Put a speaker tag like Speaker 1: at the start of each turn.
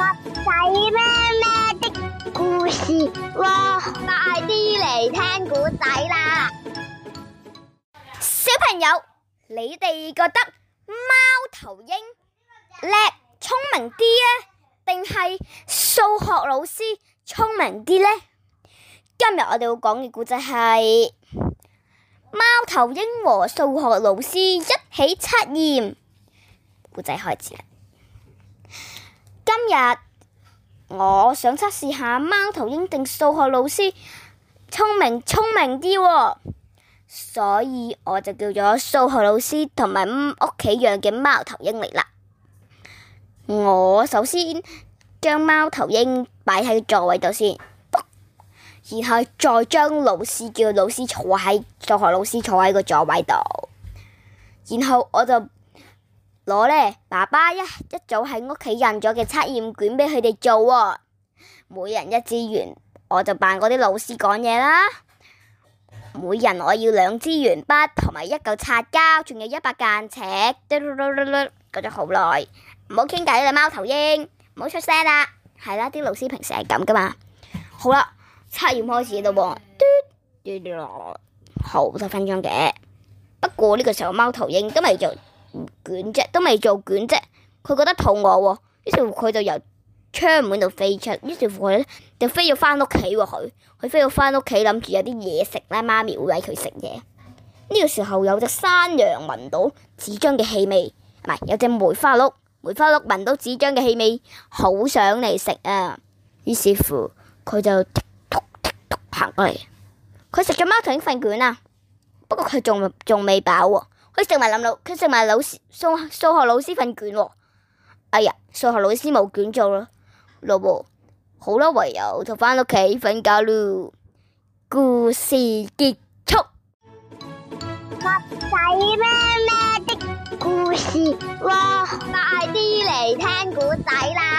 Speaker 1: 襪仔咩咩的故事喎？快啲嚟聽故仔啦！小朋友，你哋覺得貓頭鷹叻聰明啲啊，定係數學老師聰明啲呢？今日我哋要講嘅故仔係貓頭鷹和數學老師一起測驗。故仔開始啦！日，我想測試下貓頭鷹定數學老師聰明聰明啲喎，哦，所以我就叫咗數學老師同埋屋企養嘅貓頭鷹嚟啦。我首先將貓頭鷹擺喺個座位度先，然後再將老師叫老師坐喺數學老師坐喺個座位度，然後我就。攞咧，爸爸一一早喺屋企印咗嘅測驗卷俾佢哋做喎，每人一支鉛，我就扮嗰啲老師講嘢啦。每人我要兩支鉛筆，同埋一嚿擦膠，仲有一把間尺。嘟嘟嘟嘟嘟，講咗好耐，唔好傾偈啦，貓頭鷹，唔好出聲啦。係啦，啲老師平時係咁噶嘛。好啦，測驗開始咯喎，嘟嘟嘟嘟，好多分鐘嘅。不過呢個時候，貓頭鷹都未做卷啫，都未做卷啫。佢覺得肚餓喎，於是乎佢就由窗門度飛出，於是乎佢咧就非要翻屋企喎。佢佢非要翻屋企，諗住有啲嘢食啦，媽咪會喂佢食嘢。呢、呢個時候有隻山羊聞到紙張嘅氣味，唔係有隻梅花鹿，梅花鹿聞到紙張嘅氣味，好想嚟食啊！於是乎佢就突突突行過嚟，佢食咗貓頭鷹份卷啊，不過佢仲仲未飽喎、啊。佢食埋老，佢食埋老師數數學老師份卷喎。哎呀，數學老師冇卷做咯，老婆，好啦，唯有就返屋企瞓覺咯。故事結束。襪仔咩咩的故事喎？快啲嚟聽故仔啦！